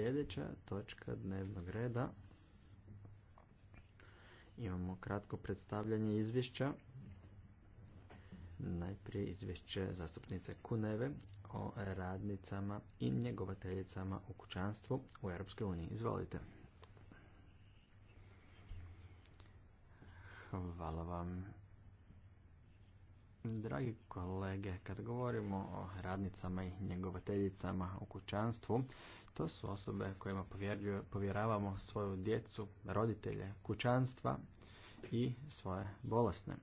Sljedeća točka dnevnog reda. Imamo kratko predstavljanje izvješća. Najprije izvješće zastupnice Kuneve o radnicama i njegovateljicama u kućanstvu u Europskoj uniji. Izvolite. Hvala vam. Dragi kolege, kad govorimo o radnicama i njegovateljicama u kućanstvu, to su osobe kojima povjeravamo svoju djecu, roditelje, kućanstva i svoje bolesne.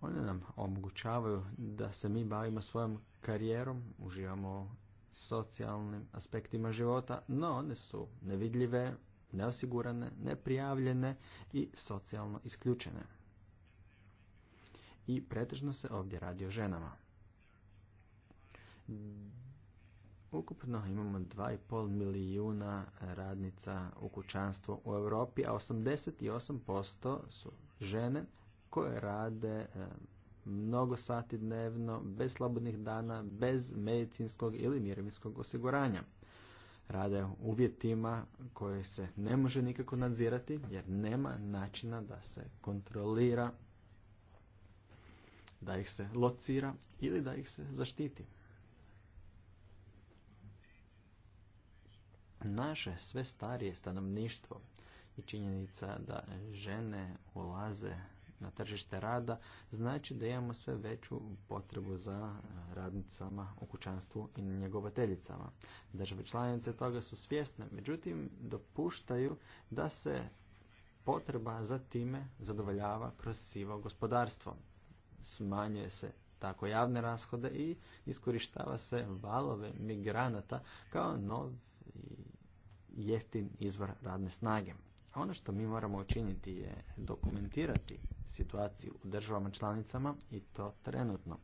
One nam omogućavaju da se mi bavimo svojom karijerom, uživamo socijalnim aspektima života, no one su nevidljive, neosigurane, neprijavljene i socijalno isključene. I pretežno se ovdje radi o ženama. Ukupno imamo 2,5 milijuna radnica u kućanstvu u Europi, a 88% su žene koje rade eh, mnogo sati dnevno, bez slobodnih dana, bez medicinskog ili mirovinskog osiguranja. Rade u uvjetima koje se ne može nikako nadzirati jer nema načina da se kontrolira, da ih se locira ili da ih se zaštiti. naše sve starije stanovništvo i činjenica da žene ulaze na tržište rada znači da imamo sve veću potrebu za radnicama u kućanstvu i njegovateljicama. Države članice toga su svjesne, međutim dopuštaju da se potreba za time zadovoljava kroz sivo gospodarstvo. Smanjuje se tako javne rashode i iskorištava se valove migranata kao nov jeftin izvor radne snage. A ono što mi moramo učiniti je dokumentirati situaciju u državama članicama i to trenutno.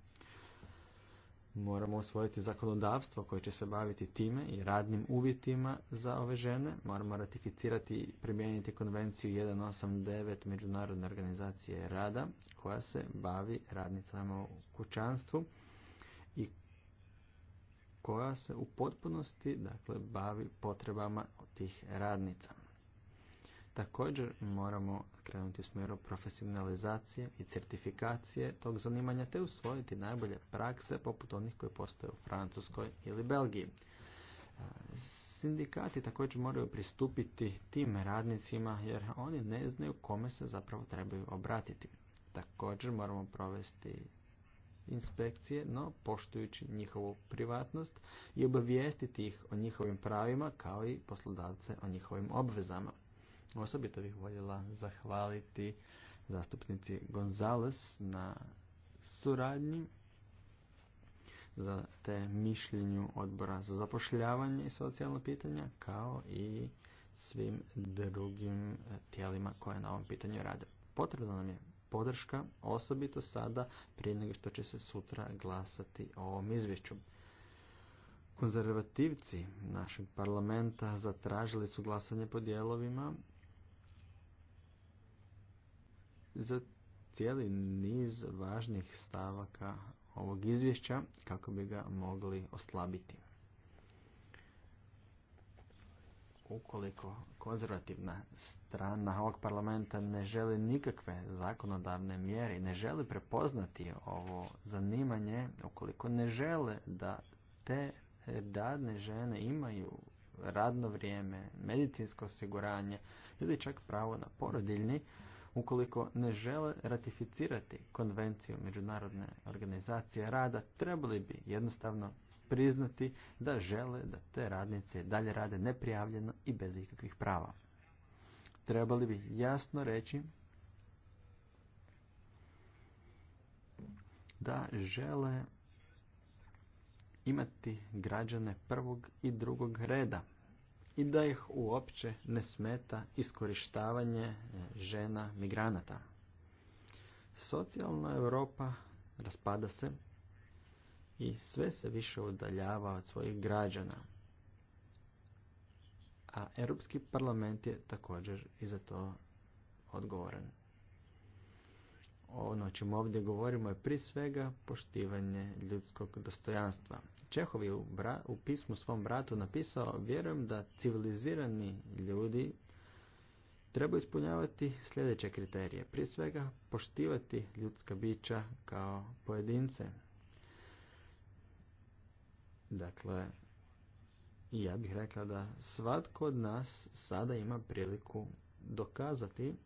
Moramo usvojiti zakonodavstvo koje će se baviti time i radnim uvjetima za ove žene. Moramo ratificirati i primijeniti konvenciju 189 Međunarodne organizacije rada koja se bavi radnicama u kućanstvu koja se u potpunosti dakle, bavi potrebama tih radnica. Također moramo krenuti u smjeru profesionalizacije i certifikacije tog zanimanja te usvojiti najbolje prakse poput onih koje postoje u Francuskoj ili Belgiji. Sindikati također moraju pristupiti tim radnicima jer oni ne znaju kome se zapravo trebaju obratiti. Također moramo provesti inspekcije, no poštujući njihovu privatnost i obavijestiti ih o njihovim pravima kao i poslodavce o njihovim obvezama. Osobito bih voljela zahvaliti zastupnici Gonzales na suradnji za te mišljenju odbora za zapošljavanje i socijalno pitanja kao i svim drugim tijelima koje na ovom pitanju rade. Potrebno nam je podrška, osobito sada prije nego što će se sutra glasati o ovom izvješću. Konzervativci našeg parlamenta zatražili su glasanje po dijelovima za cijeli niz važnih stavaka ovog izvješća kako bi ga mogli oslabiti. ukoliko konzervativna strana ovog parlamenta ne želi nikakve zakonodavne mjere i ne želi prepoznati ovo zanimanje, ukoliko ne žele da te radne žene imaju radno vrijeme, medicinsko osiguranje ili čak pravo na porodiljni, ukoliko ne žele ratificirati konvenciju Međunarodne organizacije rada, trebali bi jednostavno priznati da žele da te radnice dalje rade neprijavljeno i bez ikakvih prava. Trebali bi jasno reći da žele imati građane prvog i drugog reda i da ih uopće ne smeta iskorištavanje e, žena migranata. Socijalna Europa raspada se i sve se više udaljava od svojih građana. A Europski parlament je također i za to odgovoran. Ono o čemu ovdje govorimo je prije svega poštivanje ljudskog dostojanstva. Čehov je u, pismu svom bratu napisao vjerujem da civilizirani ljudi trebaju ispunjavati sljedeće kriterije. Prije svega poštivati ljudska bića kao pojedince, Dakle, ja bih rekla da svatko od nas sada ima priliku dokazati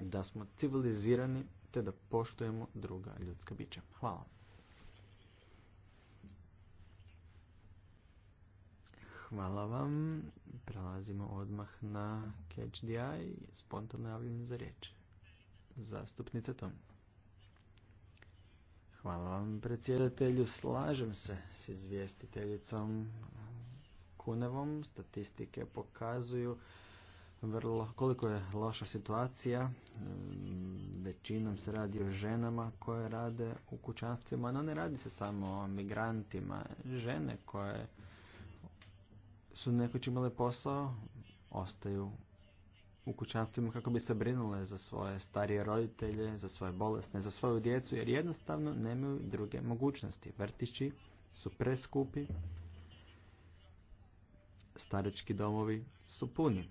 da smo civilizirani te da poštujemo druga ljudska bića. Hvala. Hvala vam. Prelazimo odmah na Eye, spontano javljam za riječ. Zastupnica Tomić. Hvala vam predsjedatelju. Slažem se s izvjestiteljicom Kunevom. Statistike pokazuju vrlo, koliko je loša situacija. Mm, većinom se radi o ženama koje rade u kućanstvima, no ne radi se samo o migrantima. Žene koje su nekoć imale posao, ostaju u kućanstvima kako bi se brinule za svoje starije roditelje, za svoje bolesne, za svoju djecu, jer jednostavno nemaju druge mogućnosti. Vrtići su preskupi, starički domovi su puni.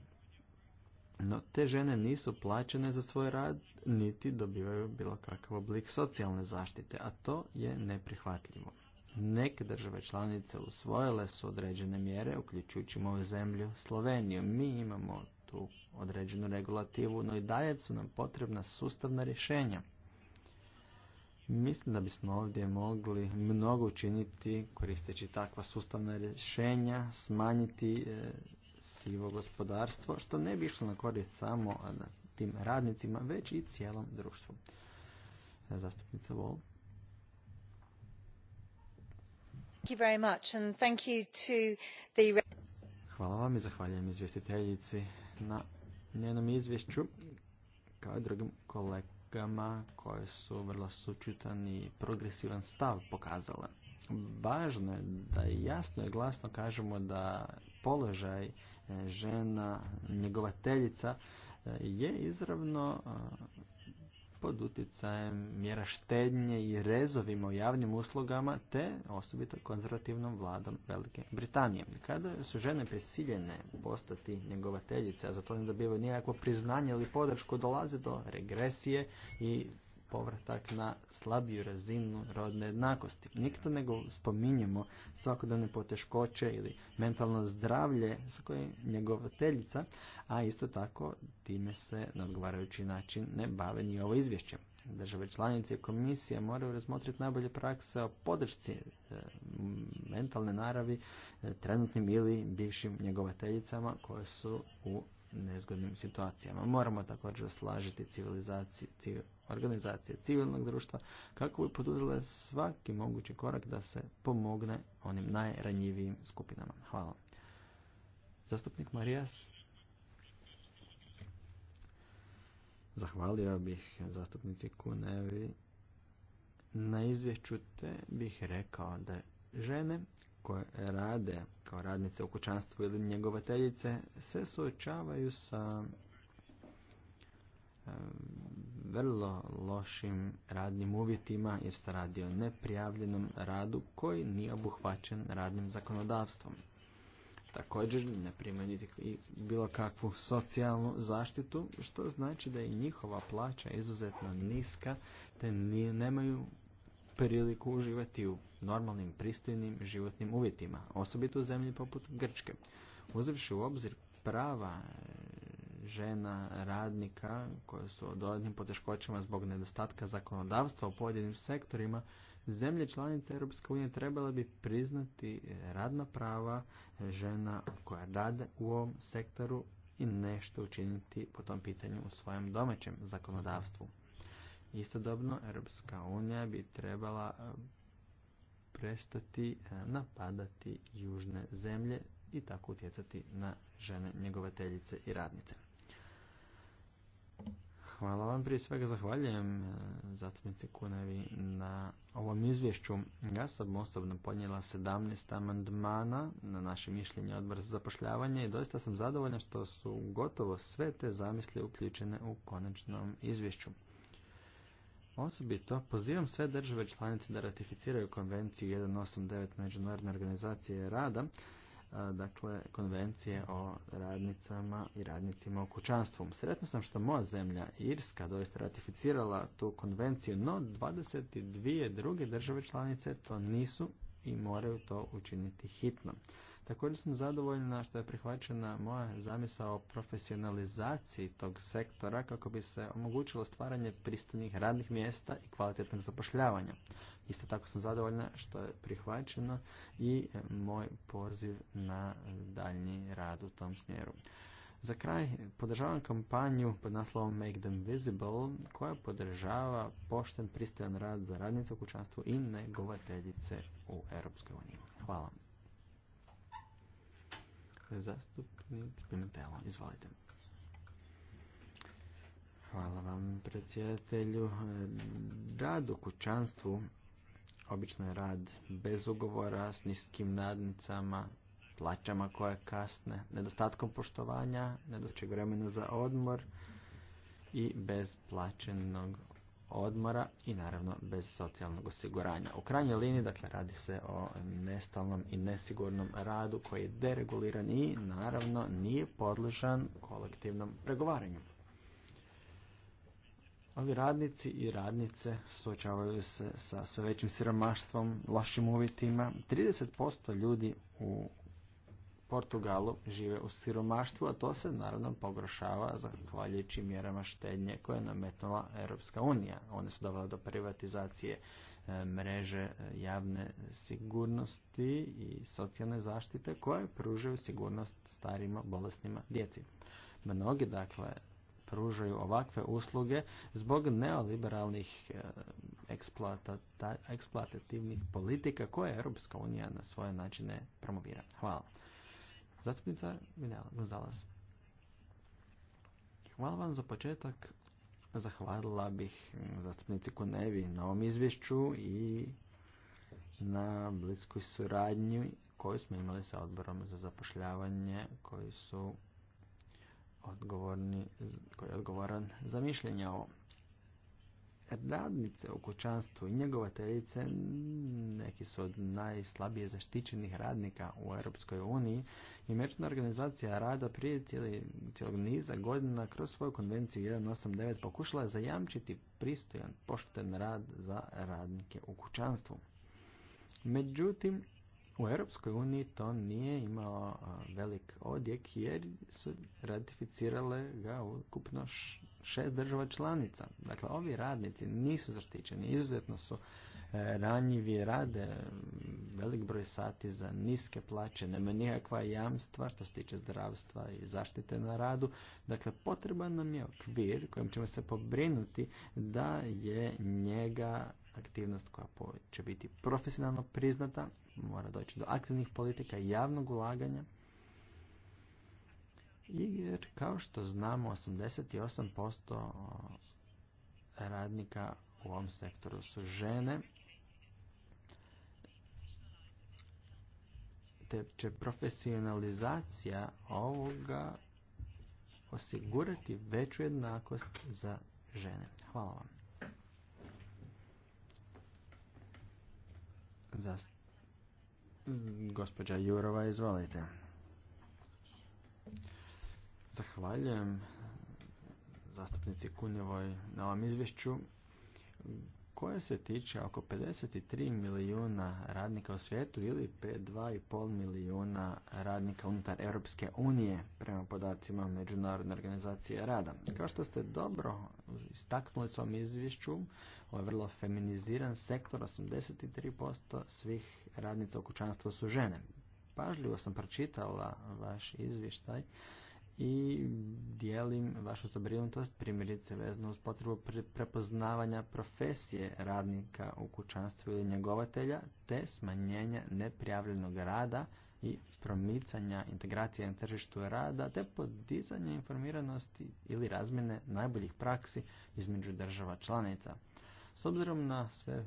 No, te žene nisu plaćene za svoj rad, niti dobivaju bilo kakav oblik socijalne zaštite, a to je neprihvatljivo. Neke države članice usvojile su određene mjere, uključujući moju zemlju Sloveniju. Mi imamo tu određenu regulativu, no i dalje su nam potrebna sustavna rješenja. Mislim da bismo ovdje mogli mnogo učiniti koristeći takva sustavna rješenja, smanjiti e, sivo gospodarstvo, što ne bi išlo na korist samo na tim radnicima, već i cijelom društvu. E, zastupnica Vol. Hvala vam i zahvaljujem izvjestiteljici na njenom izvješću kao i drugim kolegama koje su vrlo sučutan i progresivan stav pokazale. Važno je da jasno i glasno kažemo da položaj eh, žena, njegovateljica eh, je izravno eh, pod utjecajem mjera štednje i rezovima u javnim uslugama te osobito konzervativnom vladom Velike Britanije. Kada su žene prisiljene postati njegovateljice, a za to ne dobivaju nikakvo priznanje ili podršku, dolazi do regresije i povratak na slabiju razinu rodne jednakosti. Nikto nego spominjemo svakodnevne poteškoće ili mentalno zdravlje sa koje njegovateljica, a isto tako time se na odgovarajući način ne bave ni ovo izvješće. Države članice i komisije moraju razmotriti najbolje prakse o podršci e, mentalne naravi e, trenutnim ili bivšim njegovateljicama koje su u nezgodnim situacijama. Moramo također slažiti organizacije civilnog društva kako bi poduzele svaki mogući korak da se pomogne onim najranjivijim skupinama. Hvala. Zastupnik Marijas. Zahvalio bih zastupnici Kunevi na izvješću te bih rekao da žene koje rade kao radnice u kućanstvu ili njegovateljice se suočavaju sa e, vrlo lošim radnim uvjetima jer se radi o neprijavljenom radu koji nije obuhvaćen radnim zakonodavstvom. Također ne primaju bilo kakvu socijalnu zaštitu što znači da je njihova plaća izuzetno niska te nemaju priliku uživati u normalnim, pristojnim životnim uvjetima, osobito u zemlji poput Grčke. Uzevši u obzir prava e, žena, radnika koje su u dodatnim poteškoćama zbog nedostatka zakonodavstva u pojedinim sektorima, zemlje članice Europske unije trebale bi priznati radna prava žena koja rade u ovom sektoru i nešto učiniti po tom pitanju u svojem domaćem zakonodavstvu. Istodobno, Europska unija bi trebala e, prestati e, napadati južne zemlje i tako utjecati na žene njegovateljice i radnice. Hvala vam. Prije svega zahvaljujem e, zastupnici Kunevi na ovom izvješću. Ja sam osobno podnijela 17 amandmana na naše mišljenje odbora za zapošljavanje i doista sam zadovoljan što su gotovo sve te zamisli uključene u konačnom izvješću. Osobito pozivam sve države članice da ratificiraju konvenciju 189 Međunarodne organizacije rada, dakle konvencije o radnicama i radnicima u kućanstvu. Sretna sam što moja zemlja, Irska, doista ratificirala tu konvenciju, no 22 druge države članice to nisu i moraju to učiniti hitno. Također sam zadovoljna što je prihvaćena moja zamisao o profesionalizaciji tog sektora kako bi se omogućilo stvaranje pristojnih radnih mjesta i kvalitetnog zapošljavanja. Isto tako sam zadovoljna što je prihvaćeno i moj poziv na daljnji rad u tom smjeru. Za kraj podržavam kampanju pod naslovom Make Them Visible koja podržava pošten pristojan rad za radnice u kućanstvu i negovateljice u EU. Hvala. Zastupnik izvolite. Hvala vam predsjedatelju. Rad u kućanstvu, obično je rad bez ugovora, s niskim nadnicama, plaćama koje kasne, nedostatkom poštovanja, nedostatkom vremena za odmor i bez plaćenog odmora i naravno bez socijalnog osiguranja. U krajnjoj liniji dakle, radi se o nestalnom i nesigurnom radu koji je dereguliran i naravno nije podložan kolektivnom pregovaranju. Ovi radnici i radnice suočavaju se sa sve većim siromaštvom, lošim uvjetima. 30% ljudi u Portugalu žive u siromaštvu, a to se naravno pogoršava zahvaljujući mjerama štednje koje je nametnula Europska unija. One su dovele do privatizacije e, mreže e, javne sigurnosti i socijalne zaštite koje pružaju sigurnost starima, bolesnima, djeci. Mnogi, dakle, pružaju ovakve usluge zbog neoliberalnih e, eksploatativnih politika koje Europska unija na svoje načine promovira. Hvala. Zastupnica Minela Gonzalez. Hvala vam za početak. Zahvalila bih zastupnici Konevi na ovom izvješću i na bliskoj suradnji koju smo imali sa odborom za zapošljavanje koji su odgovorni, koji je odgovoran za mišljenje o radnice u kućanstvu i njegovateljice neki su od najslabije zaštićenih radnika u Europskoj uniji i Međunarodna organizacija rada prije cijelog niza godina kroz svoju konvenciju 189 pokušala zajamčiti pristojan, pošten rad za radnike u kućanstvu. Međutim, u Europskoj uniji to nije imalo velik odjek jer su ratificirale ga ukupno šest država članica. Dakle, ovi radnici nisu zaštićeni, izuzetno su e, ranjivi, rade mm, velik broj sati za niske plaće, nema nikakva jamstva što se tiče zdravstva i zaštite na radu. Dakle, potreban nam je okvir kojim ćemo se pobrinuti da je njega aktivnost koja će biti profesionalno priznata, mora doći do aktivnih politika javnog ulaganja, jer kao što znamo 88% radnika u ovom sektoru su žene te će profesionalizacija ovoga osigurati veću jednakost za žene. Hvala vam. Gospođa Jurova, izvolite. Zahvaljujem zastupnici Kunjevoj na ovom izvješću koje se tiče oko 53 milijuna radnika u svijetu ili 2,5 milijuna radnika unutar Europske unije prema podacima Međunarodne organizacije rada. Kao što ste dobro istaknuli svom izvješću, ovo je vrlo feminiziran sektor, 83% svih radnica u kućanstvu su žene. Pažljivo sam pročitala vaš izvještaj i dijelim vašu zabrinutost primjerice vezano uz potrebu prepoznavanja profesije radnika u kućanstvu ili njegovatelja te smanjenja neprijavljenog rada i promicanja integracije na tržištu rada te podizanje informiranosti ili razmjene najboljih praksi između država članica. S obzirom na sve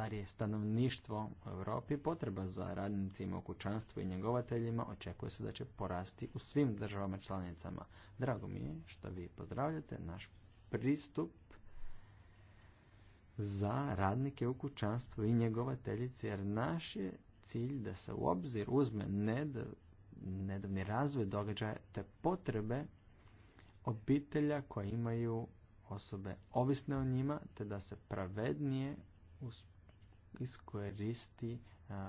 starije stanovništvo u Europi, potreba za radnicima u kućanstvu i njegovateljima očekuje se da će porasti u svim državama članicama. Drago mi je što vi pozdravljate naš pristup za radnike u kućanstvu i njegovateljice, jer naš je cilj da se u obzir uzme nedavni razvoj događaja te potrebe obitelja koje imaju osobe ovisne o njima, te da se pravednije uz iskoristi a,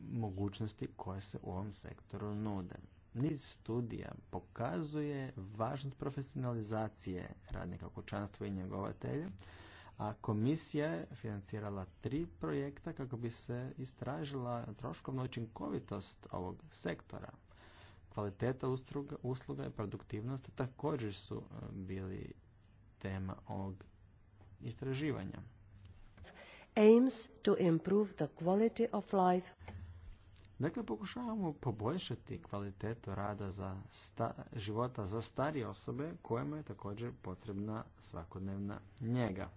mogućnosti koje se u ovom sektoru nude. Niz studija pokazuje važnost profesionalizacije radnika kućanstva i njegovatelja, a komisija je financirala tri projekta kako bi se istražila troškovna učinkovitost ovog sektora. Kvaliteta usluga, usluga i produktivnost također su bili tema ovog istraživanja aims to improve the quality of life. Dakle, pokušavamo poboljšati kvalitetu rada za života za starije osobe kojima je također potrebna svakodnevna njega.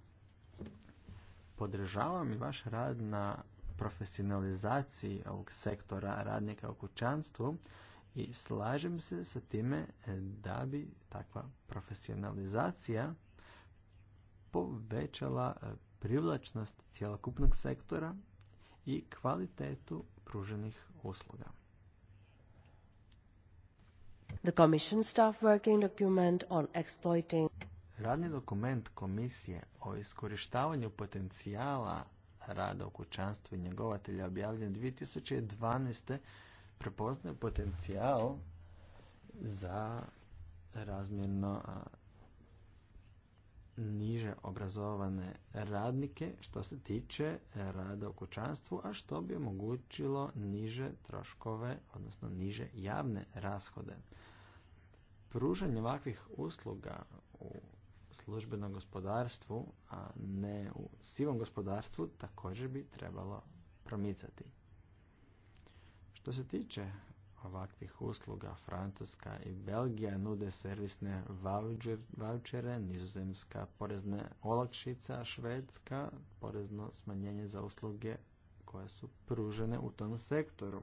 Podržavam i vaš rad na profesionalizaciji ovog sektora radnika u kućanstvu i slažem se sa time da bi takva profesionalizacija povećala privlačnost cjelokupnog sektora i kvalitetu pruženih usluga. on Radni dokument komisije o iskorištavanju potencijala rada u kućanstvu i njegovatelja objavljen 2012. prepoznaje potencijal za razmjerno niže obrazovane radnike što se tiče rada u kućanstvu, a što bi omogućilo niže troškove, odnosno niže javne rashode. Pružanje ovakvih usluga u službenom gospodarstvu, a ne u sivom gospodarstvu, također bi trebalo promicati. Što se tiče ovakvih usluga. Francuska i Belgija nude servisne vouchere, nizozemska porezne olakšica, švedska porezno smanjenje za usluge koje su pružene u tom sektoru.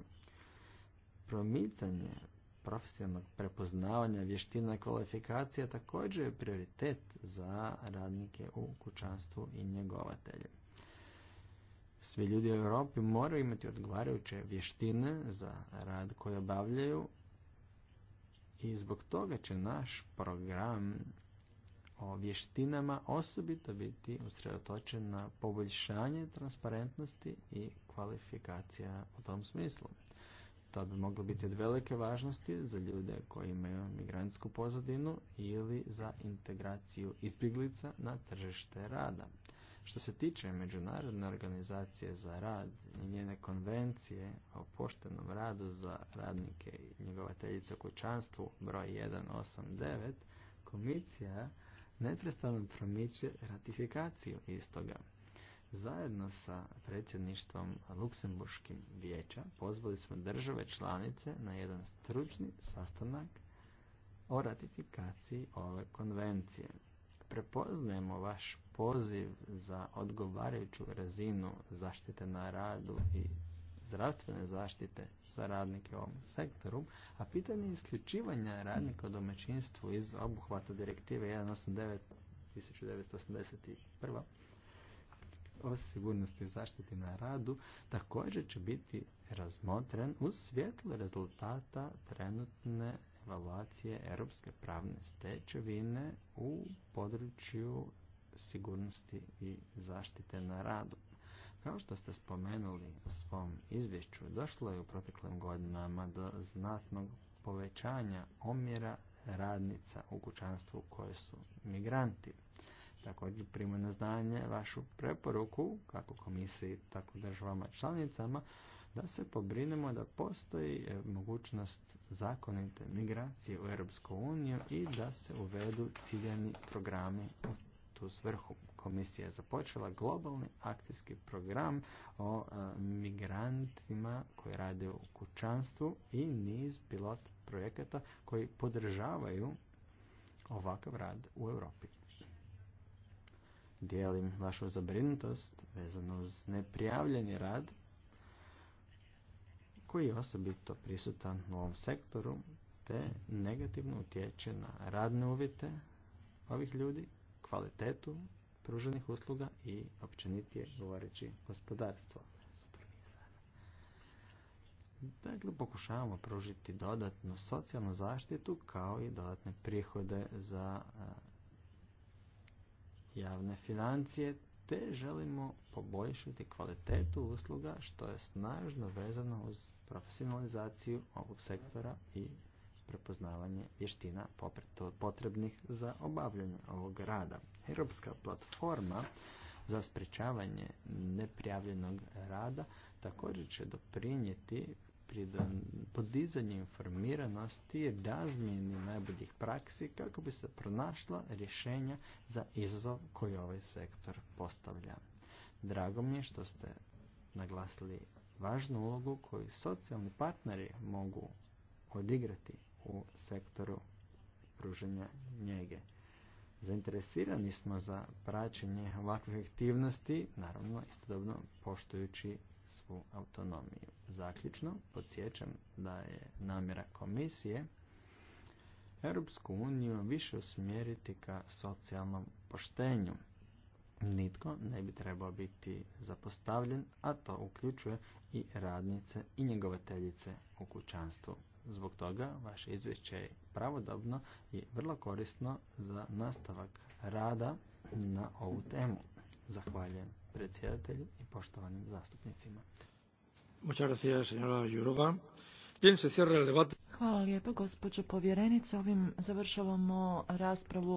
Promicanje profesionalnog prepoznavanja vještina i kvalifikacija također je prioritet za radnike u kućanstvu i njegovatelje. Svi ljudi u Europi moraju imati odgovarajuće vještine za rad koji obavljaju i zbog toga će naš program o vještinama osobito biti usredotočen na poboljšanje transparentnosti i kvalifikacija u tom smislu. To bi moglo biti od velike važnosti za ljude koji imaju migrantsku pozadinu ili za integraciju izbjeglica na tržište rada. Što se tiče Međunarodne organizacije za rad i njene konvencije o poštenom radu za radnike i njegovateljice u kućanstvu broj 189, komisija neprestano promiče ratifikaciju istoga. Zajedno sa predsjedništvom Luksemburškim vijeća pozvali smo države članice na jedan stručni sastanak o ratifikaciji ove konvencije prepoznajemo vaš poziv za odgovarajuću razinu zaštite na radu i zdravstvene zaštite za radnike u ovom sektoru, a pitanje isključivanja radnika u domaćinstvu iz obuhvata direktive 1.89.1981 o sigurnosti zaštiti na radu također će biti razmotren u svjetlu rezultata trenutne evaluacije europske pravne stečevine u području sigurnosti i zaštite na radu. Kao što ste spomenuli u svom izvješću, došlo je u proteklim godinama do znatnog povećanja omjera radnica u kućanstvu koje su migranti. Također prima na znanje vašu preporuku, kako komisiji, tako državama članicama, da se pobrinemo da postoji e, mogućnost zakonite migracije u Europsku uniju i da se uvedu ciljani programi u tu svrhu. Komisija je započela globalni akcijski program o e, migrantima koji rade u kućanstvu i niz pilot projekata koji podržavaju ovakav rad u Europi. Dijelim vašu zabrinutost vezano uz neprijavljeni rad koji je osobito prisutan u ovom sektoru te negativno utječe na radne uvjete ovih ljudi, kvalitetu pruženih usluga i općenitije govoreći gospodarstvo. Dakle, pokušavamo pružiti dodatnu socijalnu zaštitu kao i dodatne prihode za javne financije, te želimo poboljšati kvalitetu usluga što je snažno vezano uz profesionalizaciju ovog sektora i prepoznavanje vještina potrebnih za obavljanje ovog rada. Europska platforma za sprečavanje neprijavljenog rada također će doprinijeti podizanju informiranosti i razmjeni najboljih praksi kako bi se pronašla rješenja za izazov koji ovaj sektor postavlja. Drago mi je što ste naglasili važnu ulogu koju socijalni partneri mogu odigrati u sektoru pruženja njege. Zainteresirani smo za praćenje ovakvih aktivnosti, naravno istodobno poštujući svu autonomiju. Zaključno, podsjećam da je namjera komisije Europsku uniju više usmjeriti ka socijalnom poštenju nitko ne bi trebao biti zapostavljen, a to uključuje i radnice i njegovateljice u kućanstvu. Zbog toga vaše izvješće je pravodobno i vrlo korisno za nastavak rada na ovu temu. Zahvaljujem predsjedatelju i poštovanim zastupnicima. Hvala lijepa, gospođo povjerenice. Ovim završavamo raspravu